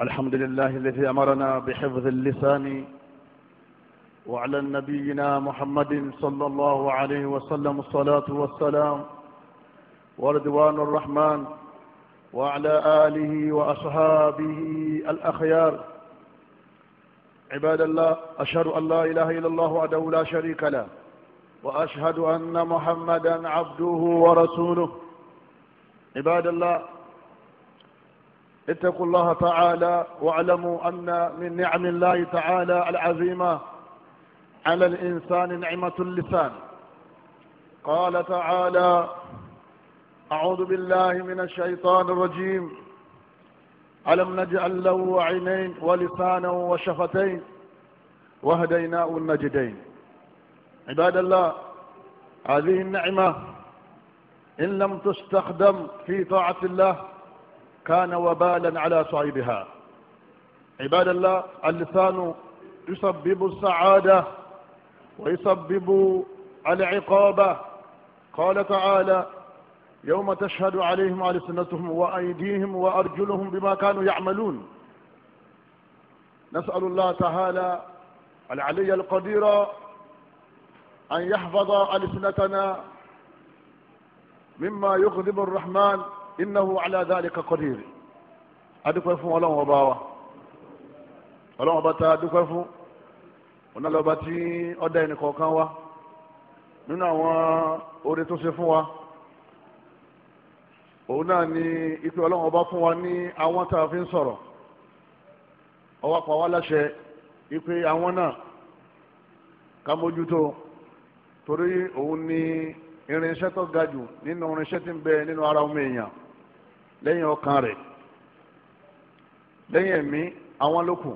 الحمد لله الذي أمرنا بحفظ اللسان وعلى نبينا محمد صلى الله عليه وسلم الصلاة والسلام ورضوان الرحمن وعلى آله وأصحابه الأخيار عباد الله أشهد أن لا إله إلا الله وحده لا شريك له وأشهد أن محمدا عبده ورسوله عباد الله اتقوا الله تعالى واعلموا أن من نعم الله تعالى العظيمة على الإنسان نعمة اللسان قال تعالى أعوذ بالله من الشيطان الرجيم ألم نجعل له عينين ولسانا وشفتين وهديناه النجدين عباد الله هذه النعمة إن لم تستخدم في طاعة الله كان وبالا على صاحبها عباد الله اللسان يسبب السعادة ويسبب العقابة قال تعالى يوم تشهد عليهم ألسنتهم وأيديهم وأرجلهم بما كانوا يعملون نسأل الله تعالى العلي القدير أن يحفظ ألسنتنا مما يغضب الرحمن innahu ala dhalika qadir adukwe fún ọlọ́run ọba wa ọlọ́run ọba tá a dúpẹ́ fún ọ̀nà lọ́ba tí ọ̀dà wa nínú àwọn oore tó se fún wa òun ni ipe ọlọ́run ọba fún wa ní àwọn tá sọrọ, fi ń pa ipe àwọn náà ká torí òun ni irinṣẹ́ tó ga jù nínú irinṣẹ́ tí ń lẹ́yìn ọkàn rẹ̀ lẹ́yìn ẹ̀mí àwọn ló kù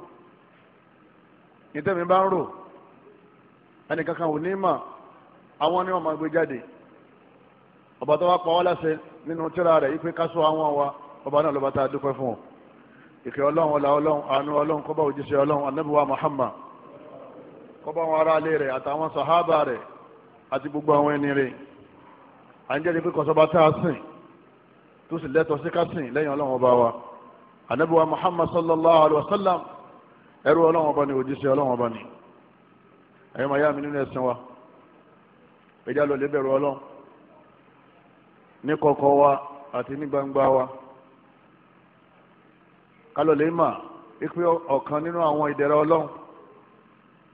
ìtẹ́mi bá ń rò ẹnìkankan ò ní mà àwọn ni wọ́n máa gbé jáde ọba tó wá pa wá láṣẹ nínú tírà rẹ̀ yí pé ká àwọn wa ọba na lọ́ba tá a dúpẹ́ fún ọ ìkẹ́ ọlọ́run ọlá ọlọ́run àánú ọlọ́run kọ́ba òjíṣẹ́ ọlọ́run anábìwá Muhammad kọ́ba àwọn aráalé rẹ̀ àtàwọn sàhábà rẹ̀ àti gbogbo àwọn ẹni rẹ̀ à ń jẹ́ ni pé kọ́sọ́ba tá a tó sì lẹ́tọ̀ọ́ sí kásìn lẹ́yìn ọlọ́run ọba wa anabi wa muhammad sallallahu alayhi wa sallam ẹrú ọlọ́run ọba ni òjíṣẹ́ ọlọ́run ọba ni ẹ̀yọ́ màá yá mi nínú ẹ̀sìn wa ẹ̀já lọ lè bẹ̀rù ọlọ́run ní kọ̀kọ̀ wa àti ní gbangba wa kálọ̀ lè mà ipe ọ̀kan nínú àwọn ìdẹ̀ra ọlọ́run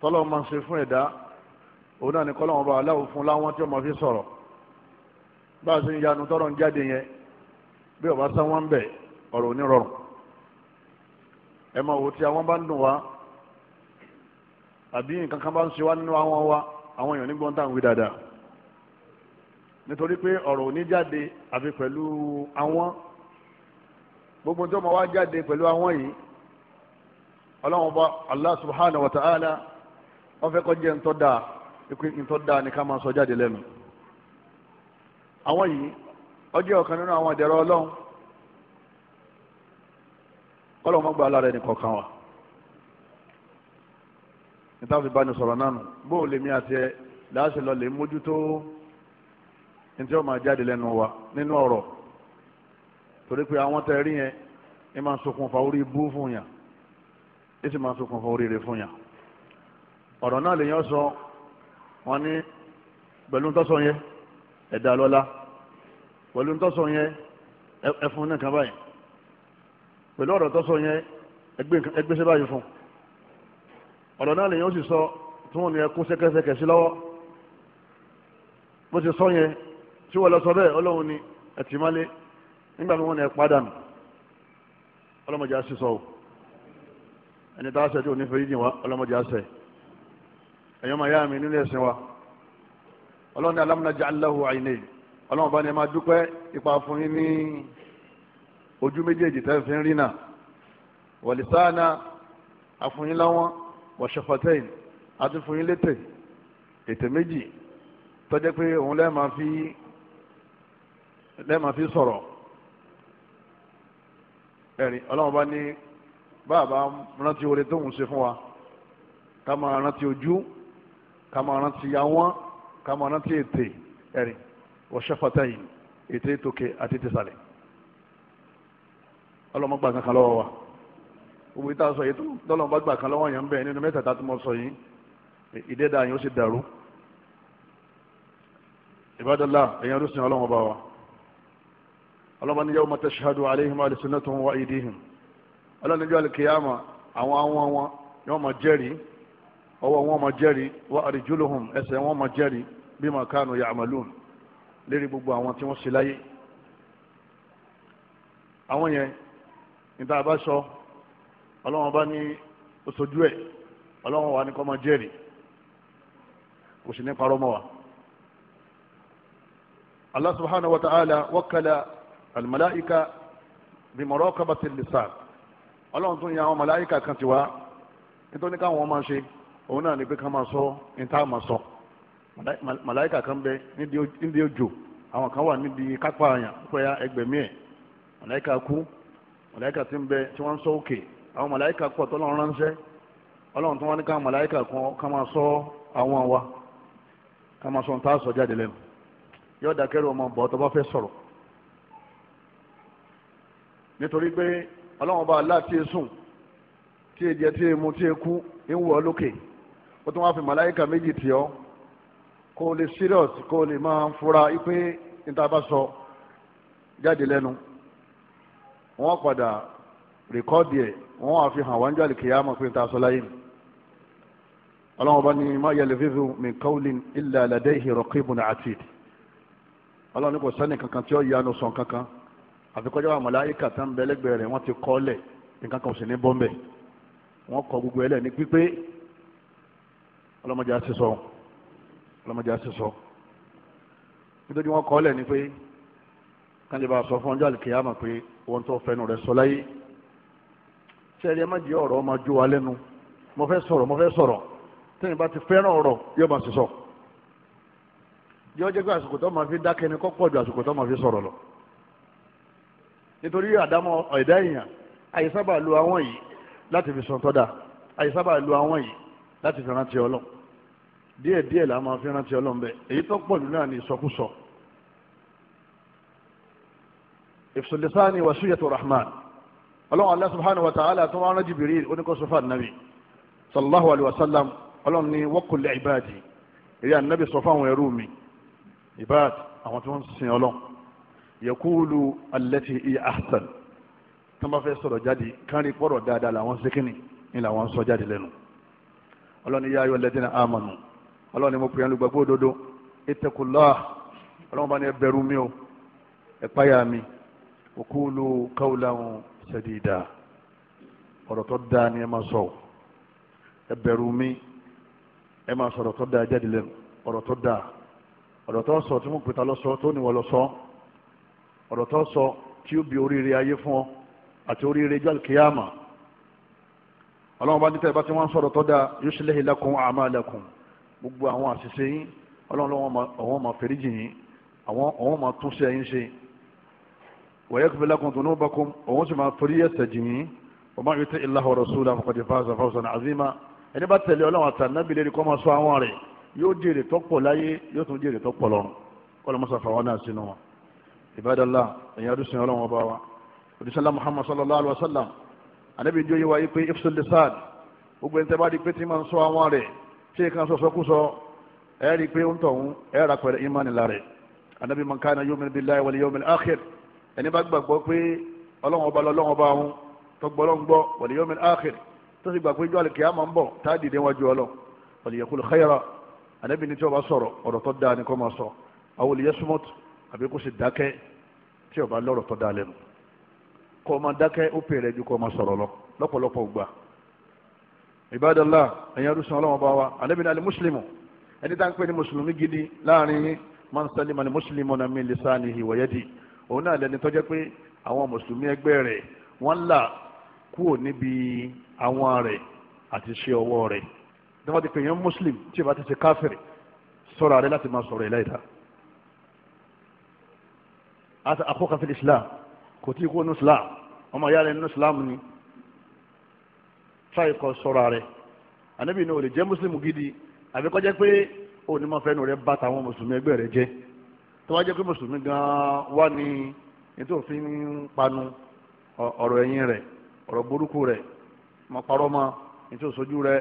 tọ́lọ́ máa ṣe fún ẹ̀dá òun náà ni kọ́lọ́run ọba aláwo fún láwọn tí ó máa fi sọ̀rọ̀ bá a ṣe ń yanu tọ́rọ̀ ń jáde yẹn bí ọba sáwọn ń bẹ ọ̀rọ̀ ò ní rọrùn ẹ máa wò tí àwọn bá ń dùn wá àbí nǹkan kan bá ń ṣe wá nínú àwọn wa àwọn èèyàn nígbọ́n tá à ń wí dáadáa nítorí pé ọ̀rọ̀ ò àfi pẹ̀lú àwọn gbogbo tó ma wá jáde pẹ̀lú àwọn yìí ọlọ́run bá allah subhanahu wa ta'ala wọ́n fẹ́ kọ́ jẹ́ ntọ́ dáa ikú ntọ́ dáa ni ká máa sọ jáde lẹ́nu àwọn yìí ó jẹ́ ọ̀kan nínú àwọn ìdẹ̀rọ ọlọ́run kọ́lọ̀ mọ́ gba alára ẹni kọ̀ọ̀kan wa níta fi báni sọ̀rọ̀ náà nù bóun lèmi àti ẹ láàṣẹ lọ lè mójútó ní tí ó lẹ́nu wa nínú ọ̀rọ̀ torí pé àwọn tẹ́ rí yẹn ẹ máa ṣokùnfà orí ibú fún yàn ẹ sì máa ṣokùnfà orí rẹ fún yàn ọ̀rọ̀ náà lèyàn sọ wọn ní pẹ̀lú tọ́sọ yẹn ẹ̀dá lọ́la pẹ̀lú ntọ́sọ yẹn ẹfun náà kan báyìí pẹ̀lú ọ̀rọ̀ tọ́sọ yẹn ẹgbẹ́sẹ̀ báyìí fún ọ̀rọ̀ náà lèyìn ó sì sọ tí wọ́n ní ẹkú sẹ́kẹsẹkẹ sí lọ́wọ́ bó ti sọ yẹn tí wọ́n lọ sọ bẹ́ẹ̀ ọlọ́run ni ẹtì má lé nígbà tí wọ́n ní ẹ padà nù ọlọ́mọdé á sọ o ẹni tá a sẹ tí ò ní fẹ́ yíjìn wa ọlọ́mọdé á ẹ̀yọ́ máa yá mi nílé ẹ̀sìn wa ọlọ́run ni alámúnájà aláhu àyìnlẹ́yìn ọlọ́run bá ní ẹ máa dúpẹ́ ipa fún yín ní ojú méjèèjì tẹ́ fi ń rí náà wọ̀lìsáànà àfúnyín láwọn wọ̀ṣọ̀fọ̀tẹ́yìn àtúnfúnyín létè ètè méjì tọ́jẹ́ pé òun lẹ́ẹ̀ máa fi lẹ́ẹ̀ máa fi sọ̀rọ̀ ẹ̀rìn ọlọ́run bá ní báàbá rántí oore tóun ṣe fún wa ká máa rántí ojú ká máa rántí àwọn ká máa rántí ètè ẹ̀rìn wọ́ṣẹ́fàtàyìn ètò ètòkè àti tẹ̀sàlẹ̀ ọlọ́mọ gbà kankan lọ́wọ́ wa owó ìta sọ yìí tọ́lọ́mọ bá gbà kan lọ́wọ́ yẹn ń bẹ̀ nínú mẹ́tẹ̀ẹ̀ta tí mo sọ yìí ìdẹ́dà yẹn ó sì dàrú ìbádọ́lá ẹ̀yẹn rúṣin ọlọ́mọ bá wa ọlọ́mọ ní yawma tashhadu alayhim alsinatuhum wa aydihim ọlọ́nijọ́ alikiyama àwọn àwọn wọn yóò máa jẹ́rìí ọwọ́ wọn máa jẹ́rìí wa arjuluhum ẹsẹ̀ wọn máa jẹ́rìí bima kanu ya'malun lérí gbogbo àwọn tí wọ́n ṣe láyé àwọn yẹn níta bá sọ ọlọ́wọ́n bá ní oṣojú ẹ̀ ọlọ́wọ́n wa ní kọ́ máa jẹ́rìí kò sì ní parọ́ mọ́ wa. Allah subhanahu wa ta'ala wakala almalaika bimurakabati lisan ọlọ́run tún yan àwọn màláíkà kan ti wá nítorí káwọn máa ṣe òun náà ní pé ká máa sọ ní tá a máa sọ malaika kan bẹ nídìí òjò àwọn kan wà nídìí kápá àyàn fẹ́yà ẹgbẹ̀mí ẹ̀ màláìkà kú ti ń bẹ tí wọ́n ń sọ òkè àwọn màláìkà pọ̀ tó lọ́run ránṣẹ́ ọlọ́run tó wọ́n wa ká máa sọ ohun tá a sọ jáde lẹ́nu yóò dákẹ́rù ọmọ bọ̀ tó bá fẹ́ sọ̀rọ̀ nítorí pé ọlọ́run bá tí tí tí ń lókè ó tún wá kó o lè serious kó lè máa fura ipe níta bá sọ jáde lẹ́nu wọ́n padà rìkọ́dì ẹ̀ wọ́n á fi hàn wá ń jáde kìí àmọ́ pé níta sọ láyé mi ọlọ́run ọba ní má yẹ lẹ́fífù min qawlin illa ladayhi raqibun ọlọ́run ní kò sẹ́ni kankan tí ó yanu sàn kankan wa tán rẹ̀ ti kọ́ lẹ̀ nǹkan kan ò sì ní wọ́n gbogbo ẹlẹ́ lọ́mọdé á sì sọ nítorí wọn kọ́ lẹ̀ ni pé kán lè bá a sọ fún ọjọ́ àlùkìyàmà pé wọ́n tó fẹnu rẹ̀ sọ láyé sẹ́ẹ̀rì ẹ má jẹ́ ọ̀rọ̀ ọmọ jó wa lẹ́nu mo fẹ́ sọ̀rọ̀ mo fẹ́ sọ̀rọ̀ tẹ́yìn bá ti fẹ́ràn ọ̀rọ̀ yóò máa sì sọ yóò jẹ́ pé àsìkò tó máa fi dákẹ́ ni kó pọ̀ ju àsìkò tó máa fi sọ̀rọ̀ lọ nítorí àdámọ̀ ẹ̀dá èèyàn àyíṣábà lu àwọn yìí láti fi sọ̀tọ́ dà àyíṣábà lu àwọn yìí láti fi rántí Ọlọ́run díẹ̀ díẹ̀ là máa fi rántí ọlọ́run bẹ́ẹ̀ èyí tó pọ̀ jù náà ní ìsọkúsọ. ìfisùlẹ̀sáni wàsúyẹ̀tò rahman ọlọ́run Allah subhanahu wa ta'ala tó máa ń rájì bìrì oníkọ́sọ́fà nàbì sallallahu alayhi wa sallam ọlọ́run ní wọ́kùnlé ìbáàdì èyí ànábì sọ fáwọn ẹrú mi ìbáàdì àwọn tí wọ́n sin ọlọ́run yẹkúlù allati iya ahsan tó máa fẹ́ sọ̀rọ̀ jáde kárí pọ̀rọ̀ dáadáa làwọn ni làwọn sọ jáde lẹ́nu ọlọ́run ní yá ayọ̀ amanu ọlọ́run ni mo pè é lùgbàgbọ́ òdodo ìtẹ̀kùlá ọlọ́run bá ní ẹbẹ̀rù mi o ẹ̀páyà mi òkúlù káwùláhùn ṣẹ̀dìdà ọ̀rọ̀ tó dáa ni ẹ máa sọ ẹbẹ̀rù mi ẹ máa sọ ọ̀rọ̀ tó dáa jáde lẹ́nu ọ̀rọ̀ tó dáa ọ̀rọ̀ tó sọ tí mo pè ta lọ sọ tó níwọ̀ lọ sọ ọ̀rọ̀ tó sọ tí ó bi oríire ayé fún ọ àti oríire jọ́ àlùkìyàmà ọlọ́run bá ní tẹ́ bá ti wọ́n sọ̀rọ̀ tó dáa yóò ṣe léhìn lakum a'malakum gbogbo àwọn àṣìṣe yín ọlọ́run lọ́wọ́ máa fèrèjì yín àwọn ọ̀hún máa tún ṣe yín ṣe wọ̀nyẹ́ kò fi lakum dhunubakum òun sì máa forí ẹ̀ṣẹ̀ jì yín ọmọ yìí tẹ ìlà ọ̀rọ̀ sódà faqad faza fawzan azima ẹni bá tẹ̀lé ọlọ́run àtànábìlẹ̀ kọ́ máa sọ àwọn rẹ̀ yóò jèrè tọ́pọ̀ láyé yóò tún jèrè tọ́pọ̀ lọ́run kọlọmọsọ fàwọn náà sínú wọn ìbádàlá ẹ̀yìn adúsùn ọlọ́wọ́n bá wa òdìsálà muhammad sallallahu alaihi wa sallam anabi jọ yìí wáyé pé ifsul lisad gbogbo ẹni tẹ́ bá di pé tí máa ń ṣé kan sọ sọkúsọ ẹ rí i pé ń tọ̀hún ẹ rà pẹ̀lú ìmánì lára anabi man kana yu'minu billahi wal yawmil akhir ẹni bá gbàgbọ́ pé ọlọ́wọ́n ọba lọ́wọ́n ọba ọ̀hún tọgbọ́lọ́n gbọ́ wal yawmil akhir tó sì gbà pé jọ́ àlùkìyà máa ń bọ̀ tá a dìde wájú ọlọ́ falyaqul khayra anabi ni tí o bá sọ̀rọ̀ ọ̀rọ̀ tó dáa ni kò máa sọ aw liyasmut àbí kò sì dákẹ́ tí o bá lọ́rọ̀ tó dáa lẹ́nu kò máa dákẹ́ ó pèrè ju kò máa sọ̀rọ̀ lọ lọ́pọ̀lọpọ̀ gbà ibadallah ẹ̀yin arúsàn ọlọ́wọ́n bá wa alẹ́bìnrin alẹ́ mùsùlùmù ẹni tá à ń pè ní mùsùlùmí gidi láàrin yín man salima ni mùsùlùmù náà mi lisanihi wa yadi òun náà lẹni tọ́jẹ́ pé àwọn mùsùlùmí ẹgbẹ́ rẹ̀ wọ́n là kúrò níbi àwọn rẹ̀ àti iṣẹ́ ọwọ́ rẹ̀ dáwọn ti pè yẹn mùsùlùmí tí ìbá ti ṣe káfíìrì sọ̀rọ̀ àrẹ láti máa sọ̀rọ̀ ìlàyìí àti àkókò islam kò tí ì kó nù islam ọmọ ìyá rẹ̀ nù islam ni tíráì kọ sọ́ra rẹ̀ ànábì ni o lè jẹ́ mùsùlùmù gidi àbí kọjá pé o ní ma fẹ́ nu rẹ bá tàwọn mùsùlùmí ẹgbẹ́ rẹ jẹ́ tó wá jẹ́ pé mùsùlùmí gan-an wá ní ètò òfin ń panu ọ̀rọ̀ ẹ̀yìn rẹ̀ ọ̀rọ̀ burúkú rẹ̀ ma parọ́ ma ètò òṣojú rẹ̀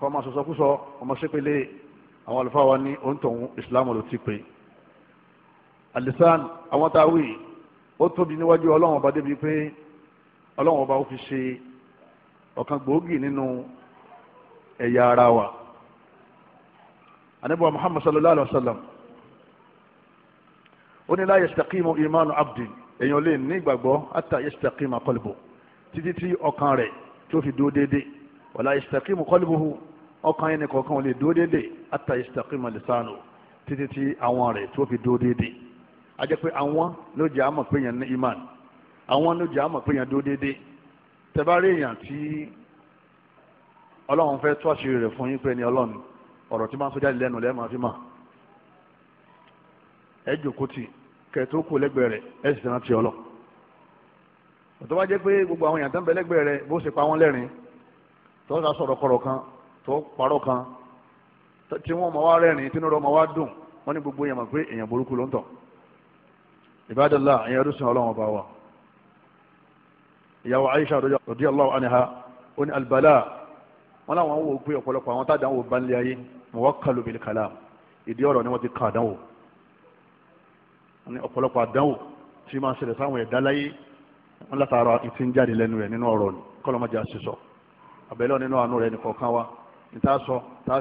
kọ́ ma sọ̀sọ́kúsọ ọmọ sépele àwọn àlùfáà wa ní òǹtọ̀hún ìsìlámù ló ti pè alisan àwọn táwí ó tóbi níwájú ọlọ́run ọba débi pé ọlọ́run ọba ó fi ṣe ọ̀kan gbòógì nínú ẹ̀yà ara wa anabiwa muhammad sallallahu alaihi wa sallam ó ní la yastaqimu imanu abdin èèyàn lè ní ìgbàgbọ́ hatta yastaqima qalbu títí tí ọkàn rẹ̀ tó fi dúró déédéé wala yastaqimu qalbuhu ọkàn yẹn nìkọ̀ọ̀kan lè dúró déédéé hatta yastaqima lisanu títí tí àwọn rẹ̀ tó fi dúró déédéé a jẹ́ pé àwọn ló jẹ́ àmọ̀ pé yẹn ní iman àwọn lójà àmọ̀ pé yẹn dó déédéé tẹ́bárí èèyàn tí ọlọ́run fẹ́ tó àṣírí rẹ̀ fún yín pé ní ọlọ́run ọ̀rọ̀ tí máa ń sọ jáde lẹ́nu lẹ́ẹ̀mọ́ àfi mà ẹ jòkó tì kẹ̀tó kù lẹ́gbẹ̀ẹ́ rẹ̀ ẹ sì tẹ̀rántì ọlọ́ tó bá jẹ́ pé gbogbo àwọn èèyàn tó ń bẹ lẹ́gbẹ̀ẹ́ rẹ̀ bó ṣe pa wọ́n lẹ́rìn tó sá sọ̀rọ̀ kọ̀rọ̀ kan tó parọ́ kan tí wọ́n mọ̀ wá rẹ́rìn tí nírọ̀ mọ̀ wá dùn wọ́n ní gbogbo èèyàn mọ̀ pé èèyàn burúkú ló ń tọ̀ ìbádọ́lá èèyàn ọdún sìn ọlọ́run ọba wa ìyàwó Aisha radiyallahu anha ó ní albala wọn làwọn wò pé ọ̀pọ̀lọpọ̀ àwọn tàdán wò bá ń lé ayé muwakkalu bil kalam ìdí ọ̀rọ̀ ni wọ́n ti kàn àdánwò ní ọ̀pọ̀lọpọ̀ àdánwò tí máa ń ṣẹlẹ̀ sáwọn ẹ̀dá láyé wọn látara ìtì ń jáde lẹ́nu rẹ̀ nínú ọ̀rọ̀ ni kọ́lọ́mọdé àṣìṣọ àbẹ̀lẹ́ nínú àánú rẹ̀ nìkọ̀ọ̀kan wa níta sọ táà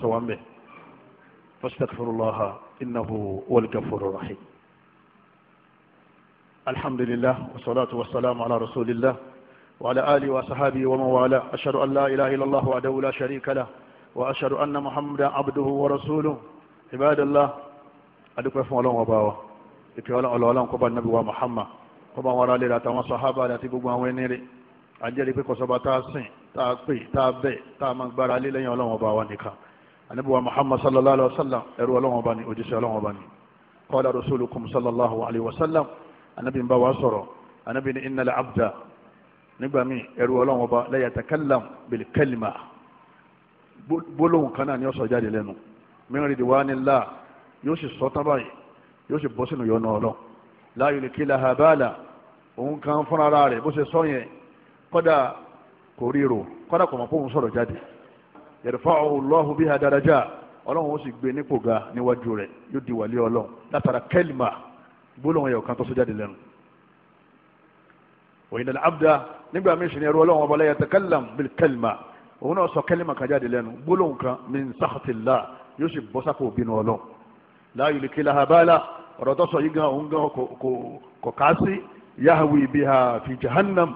sọ wa ń bẹ̀ fastaghfirullaha الحمد لله والصلاة والسلام على رسول الله وعلى آله وصحابه ومن والاه أشهد أن لا إله إلا الله وحده لا شريك له وأشهد أن محمدا عبده ورسوله عباد الله أدوك فون الله وباوة إكي ولا الله لهم كبا النبي ومحمد كبا ورا لي راتا وصحابة لا تبقوا وينيري أنجلي بكو سبا تاسين تاقبي تابي تامن برا لي لن يولون وباوا نكا النبي محمد صلى الله عليه وسلم إروا لهم وباني وجيسي لهم وباني قال رسولكم صلى الله عليه وسلم anabi ń bá wa sọ̀rọ̀ anabi ní innal abda nígbà míì ẹrú ọlọ́run ọba la yatakallam bil kalima gbólóhùn kan náà ni ó sọ jáde lẹ́nu min ridwanillah yóò sì sọ tán báyìí yóò sì bọ́ sínú yọnu ọlọ́ la yulkilaha bala òun kan fúnra rẹ̀ bó ṣe sọ yẹn kọ́dà kò ríro kọ́dà kò mọ̀ pé òun sọ̀rọ̀ jáde yarfa'u Allahu biha daraja ọlọ́run ó gbé e nípò ga níwájú rẹ̀ yóò di wàlẹ́ látara kalima gbólóhùn ẹ̀yọ̀ kan tó sójáde lẹ́nu òyìnbó abdá nígbà míì sìn ẹrú ọlọ́run ọba lẹ́yà tẹ́kẹ́lẹ́m bílkẹ́lìmà òun náà sọ kẹ́lìmà kan jáde lẹ́nu gbólóhùn kan min sáxtìlá yóò sì bọ́ sápò òbínú ọlọ́run láàyò lè kí lahabala ọ̀rọ̀ tó sọ yìí gan òun gan kò ká sí yahwi biha fi jahannam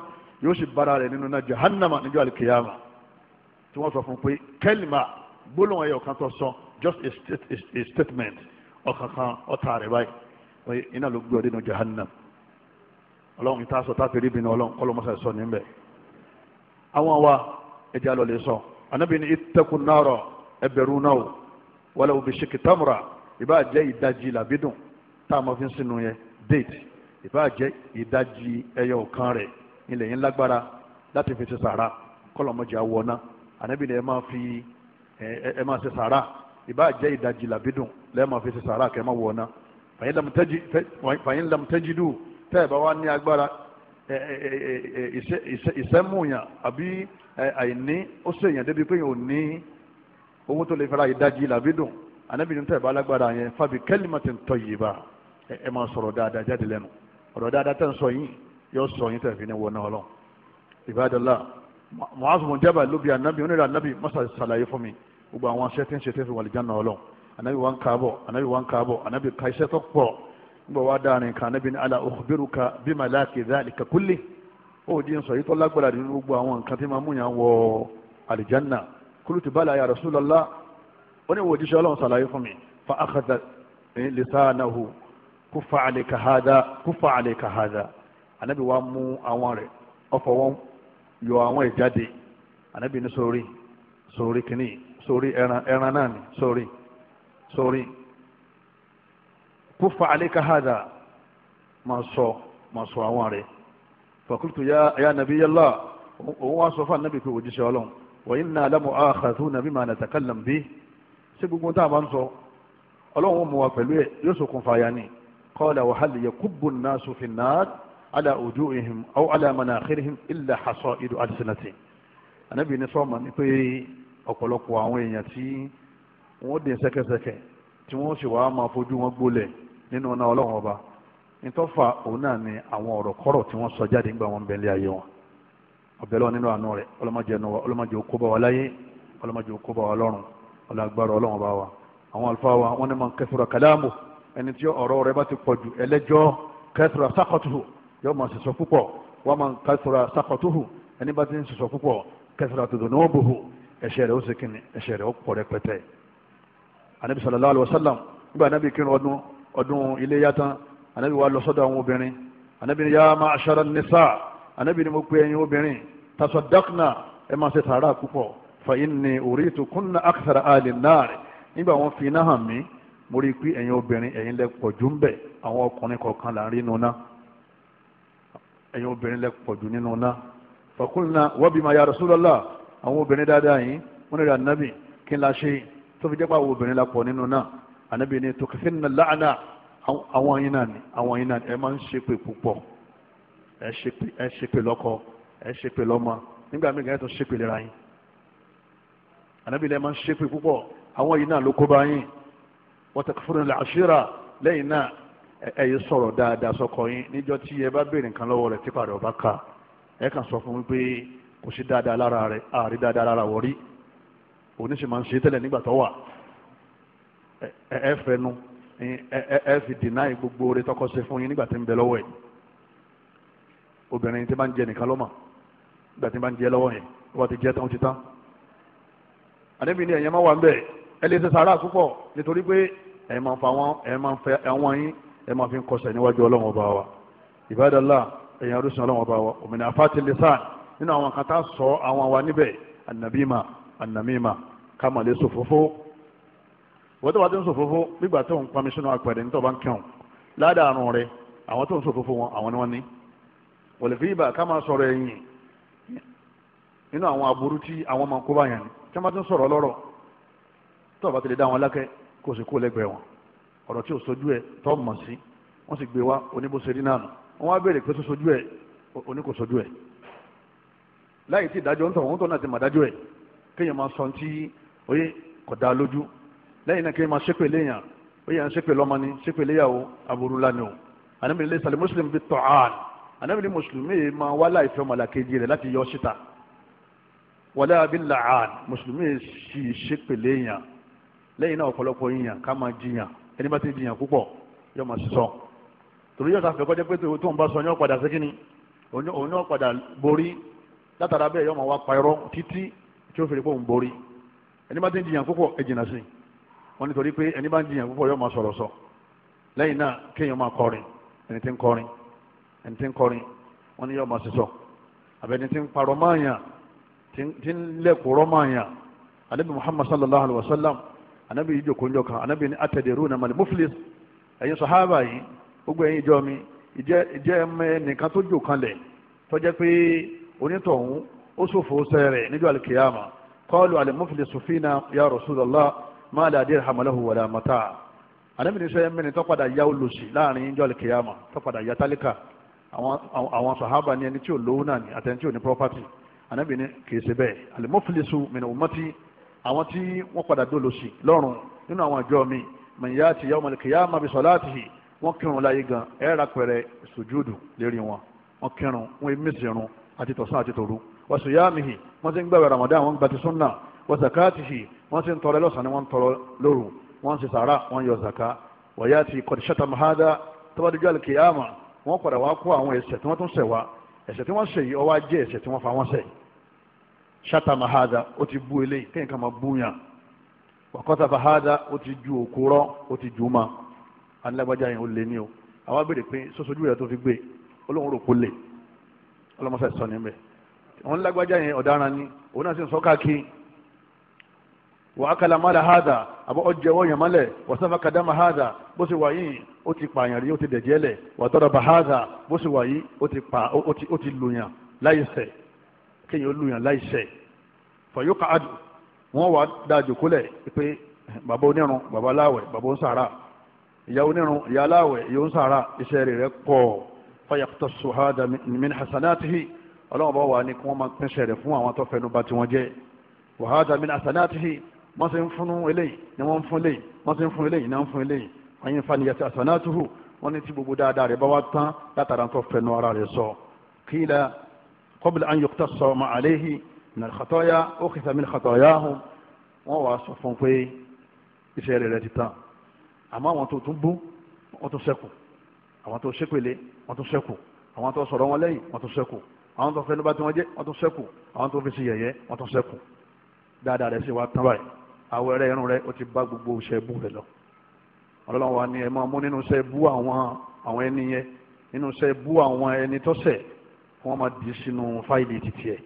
yóò sì bára rẹ̀ nínú náà jahannama níjọ́ alikiyama tí wọ́n sọ fún pé kẹ́lìmà gbólóhùn ẹ̀yọ̀ kan tó sọ just a, state, a, a statement ọ̀kankan báyìí iná ló gbé ọ dénú jahannam ọlọ́run ìta sọ tá a fèrè bínú ọlọ́run kọ́ ló mọ́sá sọ níbẹ̀ àwọn wa ẹja lọ lè sọ anabi ni itakun náírà ẹbẹrún náà wàlẹ òbí ṣèkì tamura ìbá jẹ ìdajì làbídùn tá a máa fi ń sinú yẹn déètì ìbá jẹ ìdajì ẹyọ kan rẹ ilẹ̀ yẹn lágbára láti fi ṣe sàrà kọ́ ló mọ́jà wọ̀ọ́ná anabi ni ẹ máa fi ẹ máa ṣe sàrà ìbá jẹ ìdajì làbídùn lẹ́ẹ̀ máa fi ṣe sàrà kẹ́ máa wọ̀ọ́ná fàyín lamtajidu tẹ́ ẹ̀ bá wá ní agbára ìsẹ́mùyàn àbí àìní ó sèyàn débi pé yóò ní owó tó lè fara ìdajì làbí dùn anábìyí ń tẹ̀ bá alágbára yẹn fàbí kalimatin tayyiba ẹ máa sọ̀rọ̀ dáadáa jáde lẹ́nu ọ̀rọ̀ dáadáa tẹ̀ ń sọ yín yóò sọ yín tẹ̀ fi ní wọná ọlọ́run ibadallah Mu'adh lóbi anábì onírà anábì mọ́sá fún mi gbogbo àwọn aṣẹ́ tí ń ṣe tí ń fi wà lìjánà ọlọ́run anabi wa ń kaabọ̀ anabi wa ń kaabọ̀ anabi ka iṣẹ́ tó pọ̀ nígbà wa dáhùn kan anabi ni ala ukhbiruka bi malaki dhalika kulli ó di sọ yìí tó lágbára nínú gbogbo àwọn nǹkan tí máa mú yàn wọ alijanna qultu bala ya rasulallah ó ní wo jíṣẹ́ ọlọ́run sàlàyé fún mi fa akhadha lisanahu kufa alayka hadha kufa alayka hadha anabi wa mú àwọn rẹ̀ ọ̀fọ̀ wọn yọ àwọn ìjáde anabi ní sórí sórí kìnnì sórí ẹran ẹran náà ní sórí kúfà àlékà hàdà máa sọ máa sọ àwọn rẹ̀ fàkúrútù ya nàbí yálà òun wá sọ fún ànábì pé òjíṣẹ́ ọlọ́run wa inna lamu akhadhuna bima natakallam bi ṣé gbogbo tá a máa ń sọ ọlọ́run ó mú wa pẹ̀lú ẹ̀ yóò ṣokùnfà ya ni qala wa hal yakubbu an-nasu fi an-nar ala wujuhihim aw ala manakhirihim illa hasa'idu alsinatihim ànábì ní sọ́ọ̀mà ní pé ọ̀pọ̀lọpọ̀ àwọn èèyàn tí wọ́n dín sẹ́kẹ́sẹ́kẹ́ tí wọ́n sì wàá máa fojú wọn gbólẹ̀ nínú ọ̀nà ọlọ́run ọba nítọ́fà òun náà ni àwọn ọ̀rọ̀ kọ́rọ̀ tí wọ́n sọ jáde ńgbà wọn bẹ̀lẹ̀ ayé wọn ọ̀bẹ̀lọ́ nínú àánú rẹ̀ ọlọ́mọdé nu wa ọlọ́mọdé okó bá wa láyé ọlọ́mọdé okó bá wa lọ́run ọlọ́gbàrá ọlọ́run bá wa àwọn àlùfáà wa wọn ni mọ̀ kẹsìrọ̀ kàlámù ẹni tí ọ̀rọ̀ rẹ̀ bá ti pọ̀ jù ẹlẹ́jọ́ kẹsìrọ̀ sákọ̀tù yóò máa sọ̀sọ̀ púpọ̀ wọ́n máa kẹsìrọ̀ sákọ̀tù ẹni bá ti ń púpọ̀ kẹsìrọ̀ tòdò náà bò ẹ̀ṣẹ̀ rẹ̀ ó sì kìnnì ẹ̀ṣẹ̀ rẹ̀ ó pọ̀ rẹpẹtẹ anabi sallallahu alayhi wa sallam nígbà anabi kírun ọdún ọdún iléyà tán anabi wa lọ sọ́dọ̀ àwọn obìnrin anabi ni ya ma'ashara nisa anabi ni mo pe ẹ̀yin obìnrin tasaddaqna ẹ máa ṣe tààrà púpọ̀ fa inni uritu kunna akthara ahli an nígbà wọn fi iná hàn mí mo rí i pé ẹ̀yin obìnrin ẹ̀yin lẹ pọ̀ jù ń àwọn ọkùnrin kọ̀ọ̀kan là ń rí inú ná obìnrin lẹ pọ̀ jù nínú ná fa qulna wa bima ya Rasulullah àwọn obìnrin dáadáa yìí wọ́n ní ra nàbì kí n la ṣe yìí tó fi jẹ́pọ̀ àwọn obìnrin la pọ̀ nínú náà ànábì ní tòkìsín náà láàánà àwọn yín náà ni àwọn yín náà ẹ máa ń ṣépè púpọ̀ ẹ ṣépè lọ́kọ ẹ ṣépè lọ́mọ nígbà míì gàdá tó ṣépè lera yín ànábì lẹ́ẹ̀ máa ń ṣépè púpọ̀ àwọn yín náà ló kó bá yín wọ́n tẹ̀kọ̀fọ́n ní àṣírà lẹ́yìn náà ẹ̀yẹ sọ̀rọ̀ dáadáa sọkọ yín níjọ́ tí ẹ bá béèrè nǹkan lọ́wọ́ rẹ̀ tí pàdé ọba ká ẹ kàn sọ fún wípé kò sí dáadáa lára rẹ̀ àárí dáadáa lára wọ̀ òní sì máa ń ṣe tẹ́lẹ̀ nígbà tó wà ẹ ẹ fẹnu ẹ ẹ fi dìnnáì gbogbo oore tọkọ ṣe fún yín nígbà tí ń bẹ lọ́wọ́ ẹ̀ obìnrin tí bá ń jẹ nìkan lọ́mọ nígbà tí bá ń jẹ lọ́wọ́ yẹn wọ́n ti jẹ tán ti tán àníbi ni ẹ̀yẹ́ máa wà ń bẹ̀ ẹ lè ṣe sàárà púpọ̀ nítorí pé ẹ̀ máa fa wọn ẹ̀ máa fẹ́ àwọn yín ẹ̀ máa fi ń kọsẹ̀ níwájú ọlọ́run ọba wa ìbádọ́lá ẹ̀yìn arúsùn ọlọ́run ọba wa òmìnira fátìlísàn nínú àwọn kan tá a sọ àwọn wa níbẹ̀ ànàbímà ànàmímà ká mà lè sòfófó wọ́n tó bá ti ń sòfófó nígbà tó ń pami sínú apẹ̀rẹ̀ nítorí bá ń kẹ́hùn ládàánú rẹ àwọn tó ń sòfófó wọn àwọn ni wọ́n ní wọ̀lẹ̀fíìbà ká máa sọ̀rọ̀ ẹ̀yìn nínú àwọn aburú tí àwọn máa ń kó báyàn ni tí wọ́n bá ti ń sọ̀rọ̀ lọ́rọ̀ tó bá ti lè dá wọn lákẹ́ kó o sì kó lẹ́gbẹ̀ẹ́ wọn ọ̀rọ̀ tí ò sojú ẹ̀ tó mọ̀ sí wọ́n sì gbé wá oníbòsírí náà nù wọ́n wá béèrè pé tó sojú ẹ̀ oníkòsojú ẹ̀ láyé tí ìdájọ́ ń tọ̀ wọ́n tó náà ti mà dájọ́ ẹ̀ kéèyàn máa sọ tí oyè kò dá lójú lẹ́yìn náà kéèyàn máa ṣépè léèyàn oyè à ń ṣépè ni ṣépè léyàwó aburú lánà o anamílẹ̀ lẹ́sà lè mùsùlùmí bi tọ̀ án anamílẹ̀ mùsùlùmí yìí máa wá láìfẹ́ mọ̀làkejì rẹ̀ láti yọ síta wọlé abi làán mùsùlùmí yìí sì ṣépè léèyàn lẹ́yìn náà ọ̀pọ̀lọpọ̀ yìnyàn ká máa jiyàn ẹni bá ti jiyàn púpọ̀ yọ máa sísọ torí yóò sáfẹ́ kọjá pé tó ń bá sọ yóò padà sékìní òun yóò padà borí látara bẹ́ẹ̀ yọ máa wá pa irọ́ títí tí ó fèrè pọ̀ ń borí ẹni bá ti ń jiyàn púpọ̀ ẹ jìnnà sí wọn nítorí pé ẹni bá ń jiyàn púpọ̀ yóò máa sọ̀rọ̀ sọ lẹ́yìn náà kéèyàn máa kọrin ẹni tí ń kọrin ẹni tí ń kọrin wọn ni yóò máa sísọ àbẹni tí ń parọ́ máàyàn tí ń lẹ́kùrọ́ máàyàn anabi muhammad sallallahu alayhi wa sallam anabi yìí jòkó njọ kan anabi ni atẹ̀dẹ̀rú na mali muflis ẹ̀yin sọ̀hábà yìí gbogbo ẹ̀yin ìjọ mi ìjẹ́ ẹ̀mẹ́ nìkan tó jò kan lẹ̀ tọ́jẹ́ pé onítọ̀hún ó ṣòfò sẹ́rẹ̀ níjọ́ alikiyama kọ́ọ̀lù alimufili sufina ya rasulallah máa da dirham lahu wala mata ànábì ní sẹ́yìn mẹ́rin tọ́padà yá olùsì láàrin níjọ́ alikiyama tọ́padà yá tálíkà àwọn sahaba ni ẹni tí ò lówó náà ni àtẹni tí ò ní property ànábì ní kì í ṣe bẹ́ẹ̀ alimufilisu min ummati àwọn tí wọ́n padà dolòsì lọ́rùn nínú àwọn àjọ mi mẹ̀yà ti yá ọmọlẹ̀ kìyà máa bí sọ̀láàtì wọ́n gan ẹ̀ẹ́dà pẹ̀rẹ̀ sùjúdù lérí wọn wọ́n kírun wọ́n mí sírun àti tọ̀sán àti tòru wa siyamihi wọ́n ti ń gbàwé ramadan wọ́n gbà ti sunna wa zakatihi wọ́n ti ń tọrọ lọ́sàn-án wọ́n ń tọrọ lóru wọ́n ti sàrà wọ́n yọ zaka wa yati qad shatama hada tọ́badíjọ́ alikiyama wọ́n padà wá kó àwọn ẹ̀ṣẹ̀ tí wọ́n tún ṣẹ̀ wá ẹ̀ṣẹ̀ tí wọ́n ṣẹ̀ yìí ó wá jẹ́ ẹ̀ṣẹ̀ tí wọ́n fa wọ́n ṣẹ̀ shatama hada ó ti bú eléyìí kéèyàn kan máa bú yàn wa qatafa hada ó ti ju òkú rọ́ ó ti jù ú yẹn ó lé ní o àwọn abèrè pé sọ́sọ́jú rẹ̀ tó fi gbé olóhùn rò kó lè ọlọ́mọṣẹ́ sọ ní bẹ́ẹ̀ òun lágbájá yẹn ọ̀daràn ni òun náà sì ń sọ káàkiri wà á kala mara hada àbọ̀ ọjẹ́ wọ́n yàn mọ́lẹ̀ wà sáfà kadama hada bó ṣe wà yìí ó ti pààyàn rí ó ti dẹ̀jẹ́ lẹ̀ wà tọ́ra bá hada bó ṣe wà yìí ó ti pa ó ti lùyàn láìṣẹ̀ kéèyàn lùyàn láìṣẹ̀ fàyókà àdù wọ́n wà dáa jòkólẹ̀ pé bàbá onírun bàbá aláwẹ̀ bàbá onsàrà ìyá onírun ìyá aláwẹ̀ ìyá onsàrà iṣẹ́ rẹ̀ pọ̀ fàyàkùtà sùhádà min ọlọ́run bá wà ní kí wọ́n máa pínṣẹ́ rẹ̀ fún àwọn tó fẹnu bà tiwọn jẹ́ wàhálà mi àṣà náà ti hì wọ́n ti ń fún eléyìí ni wọ́n ń fún eléyìí wọ́n ti ń fún eléyìí ni wọ́n ń fún eléyìí àyìn faniyàtì àṣà náà tuhu wọ́n ní tí gbogbo dáadáa rẹ̀ bá wá tán látara tó fẹnu ara rẹ̀ sọ kíla kọ́bìlì àyìn sọ ọmọ àléhì nà ó kìsà mi xatọ́yà àwọn tó fẹnu bá tí wọn jẹ wọn tó ṣẹ́kù àwọn tó fi ṣe yẹ̀yẹ́ wọn tó ṣẹ́kù dáadáa rẹ sì wá tán báyìí àwọ̀ rẹ irun rẹ ó ti bá gbogbo iṣẹ́ bú rẹ lọ ọlọ́run wa ni ẹ máa mú nínú iṣẹ́ àwọn àwọn ẹni yẹn nínú iṣẹ́ àwọn ẹni tó ṣẹ̀ kí wọ́n máa dì sínú fáìlì títí ẹ̀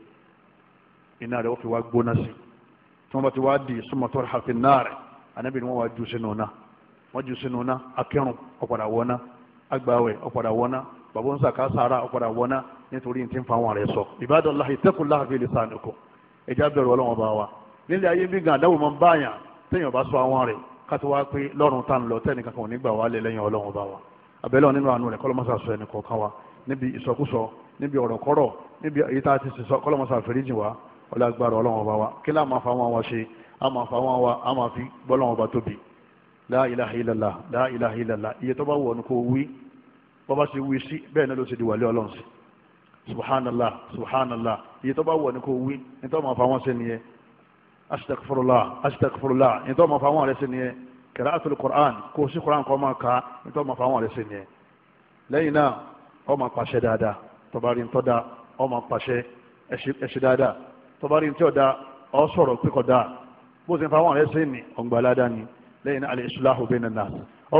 iná rẹ ó fi wá gbóná sí tí wọ́n bá ti wá di sọmọtò àfi náà rẹ ànábì ni wọ́n wá ju sínú náà wọ́n ju sínú náà akẹ́rùn ọ̀padà wọ́ná agbáwẹ̀ ọ̀padà wọ́ná bàbá ń ọ̀padà wọ́ná nítorí ní ti ń fa àwọn rẹ̀ sọ ibadallahi ittaqullaha fi lisanikum ẹja bẹ̀rù ọlọ́wọ́n bá wa nílẹ̀ ayé bí gan adáwò máa ń báyàn téèyàn bá sọ àwọn rẹ̀ káti wá pé lọ́rùn tá ń lọ tẹ́nì kankan ò ní gbà wá lé lẹ́yìn ọlọ́wọ́n bá wa abẹ́lẹ́ nínú àánú rẹ̀ kọ́lọ́mọ́sà sọ ẹnì kọ̀ọ̀kan wa níbi ìsọkúsọ níbi ọ̀rọ̀ kọ́rọ̀ níbi èyí tá a ti sọ kọ́lọ́mọ́sà fèrèjì wa ọlágbára ọlọ́wọ́n bá wa kí lá máa ṣe wí sí bẹ́ẹ̀ náà ló ti di wàlẹ́ ọlọ́run sí i subhanallah subhanallah iye tó bá wọ̀ ni kò wí ní tó máa fa wọn sí nìyẹn astagfirullah astagfirullah ní tó máa fa wọn rẹ sí nìyẹn qira'atul Qur'an kò sí Qur'an kò máa ka ní tó máa fa wọn rẹ sí nìyẹn lẹ́yìn náà ó máa pàṣẹ dáadáa tó bá rí ń tọ́ da ó máa pàṣẹ ẹ̀ṣẹ̀ dáadáa tó bá rí ń tí ọ̀dà ọ sọ̀rọ̀ pé kọ̀ dáa bó ti fa wọn rẹ sí ni ọ̀ngbà ni lẹ́yìn náà al-islahu bayna an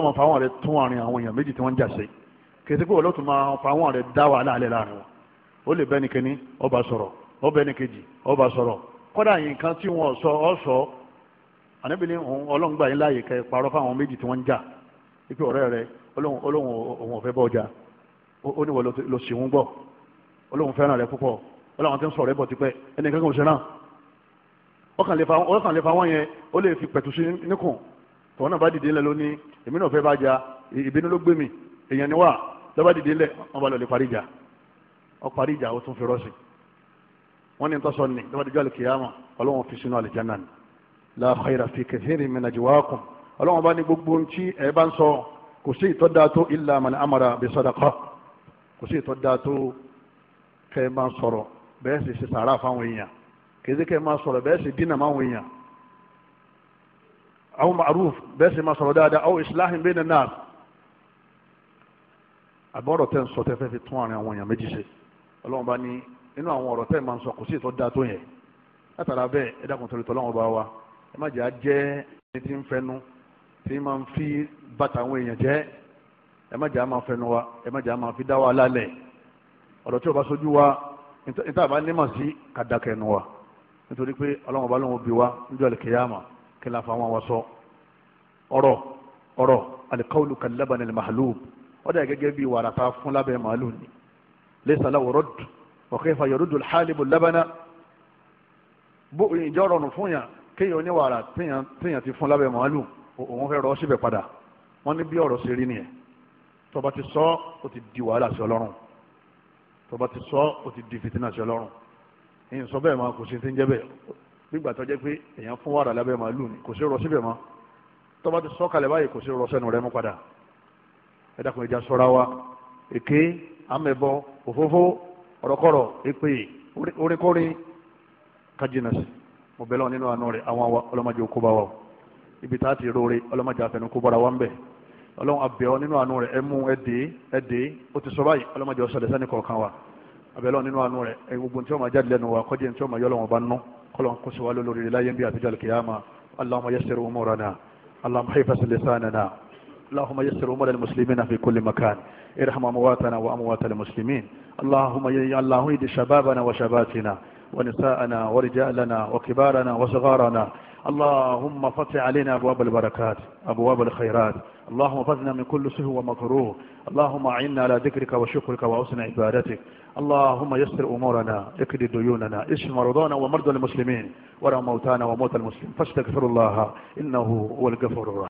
máa fa wọn rẹ tún àárín àwọn èèyàn méjì tí wọ́n jà sí kèsì pé máa fa wọn rẹ dá wàhálà alẹ́ láàrin wọn o lè bẹ́ni kínní ọba sọ̀rọ̀ o bẹ́ni kejì ọba sọ̀rọ̀ kọ́dà yìí kan tí wọ́n sọ ọ́ sọ ànábì ní òun ọlọ́run gbà yín láàyè kẹ́ parọ́ fáwọn méjì tí wọ́n ń jà ipe ọ̀rẹ́ rẹ ọlọ́run òun ọ̀fẹ́ bọ́ ọjà ó ní wọ́n lọ sí òun gbọ́ ọlọ́run fẹ́ràn rẹ púpọ̀ ọlọ́run ti ń sọ̀rọ̀ ẹ bọ̀ tipẹ́ ẹnì kankan ò ṣe náà ọkàn lè fa ọkàn lè fa wọn yẹn ó lè fi pẹ̀tù sí níkùn tọ́wọ́n náà bá dìde ńlẹ̀ lónìí èmi náà fẹ́ bá ja ìbínú ló gbé mi èèyàn ni wà lọ́ba dìde ńlẹ̀ wọ́n bá lọ lè parí ìjà ọparí ìjà ó tún fi rọ́ọ̀sì wọ́n ní tọ́sọ ní lọ́wọ́ díjọ́ àlùkìyàmọ̀ ọlọ́wọ́n fi sínú àlùjánnà ni la khayra fi kathirin min najwaakum ọlọ́wọ́n bá ní gbogbo ohun tí ẹ bá ń sọ kò sí ìtọ́ da tó illa man amara bi sadaqa kò sí ìtọ́ da tó kẹ́ ẹ máa sọ̀rọ̀ bẹ́ẹ̀ sì ṣe sàárà fáwọn èèyàn kèdè kẹ́ ẹ máa sọ̀rọ̀ bẹ́ẹ̀ sì dínà máwọn èèyàn àwọn ma'ruf bẹ́ẹ̀ sì máa sọ̀rọ̀ dáadáa àwọn islahin bayna nas àbọ̀rọ̀ tẹ́ ń sọ tẹ́ fẹ́ fi tún àárín àwọn èèyàn méjì ṣe ọlọ́run bá ní nínú àwọn ọ̀rọ̀ tẹ́ ẹ̀ máa ń sọ kò sí ìtọ́ da tó yẹn látara bẹ́ẹ̀ ẹ dákun torí tọ́lọ́run bá wa ẹ má jẹ́ àjẹ́ ẹni tí ń fẹnu tí ń máa ń fi bàtà àwọn èèyàn jẹ́ ẹ má jẹ́ àmà fẹnu wa ẹ má jẹ́ àmà fi dá wa lálẹ̀ ọ̀rọ̀ tí o bá sojú wa níta bá nímọ̀ sí kàdákẹ́ nu wa nítorí pé ọlọ́run bá lóun bí wa níjọ́ àlùkìyàmà kí laysa lahu radd wa kayfa yaruddu al-halibu al-labana bó ìjọ rọrùn fún yàn kéèyàn ní wàrà téèyàn ti fún lábẹ́ màálù òun fẹ́ rọ síbẹ̀ padà wọ́n ní bí ọ̀rọ̀ ṣe rí nìyẹn tó bá ti sọ ó ti di wàhálà sí ọlọ́run tó bá ti sọ ó ti di fìtínà sí ọlọ́run ìyẹn sọ bẹ́ẹ̀ máa kò sí ti ń jẹ́ bẹ́ẹ̀ nígbà tó jẹ́ pé èèyàn fún wàrà lábẹ́ màálù ni kò sí rọ síbẹ̀ mọ́ tó bá ti sọ kalẹ̀ báyìí kò sí rọ sẹ́nu rẹ mú padà ẹ dákun ìjà sọra wa èké amẹ̀bọ òfófó ọ̀rọ̀kọ̀rọ̀ èpè orekore kájínà sí mo bẹ̀ lọ́wọ́ nínú àánú rẹ̀ àwọn ọlọ́mọdé okó bá wà o ibi tá a ti róore ọlọ́mọdé àfẹnukú bára wa ń bẹ̀ ọlọ́run abẹ́ọ́ nínú àánú rẹ̀ ẹ mú ẹdè ẹdè ó ti sọ báyìí ọlọ́mọdé ọ̀sọ̀lẹ̀ sẹ́ni kọ̀ọ̀kan wa abẹ́lọ́ nínú àánú rẹ̀ ẹ gbogbo tí wọ́n máa jáde lẹ́nu wa kọ́jẹ́ tí wọ́n máa yọ lọ́wọ́ bá ń ná kó sì wá lórí láyé bí àtijọ́ alkiyama allahumma yassir umurana allahumma hayfas lisanana اللهم يسر أمور المسلمين في كل مكان ارحم أمواتنا وأموات المسلمين اللهم يا الله يهد شبابنا وشباتنا ونساءنا ورجالنا وكبارنا وصغارنا اللهم فتح علينا أبواب البركات أبواب الخيرات اللهم فزنا من كل سهو ومكروه اللهم أعنا على ذكرك وشكرك وحسن عبادتك اللهم يسر أمورنا اكد ديوننا اشف مرضانا ومرضى المسلمين ورا موتانا وموتى المسلمين فاستغفر الله إنه هو الغفور الرحيم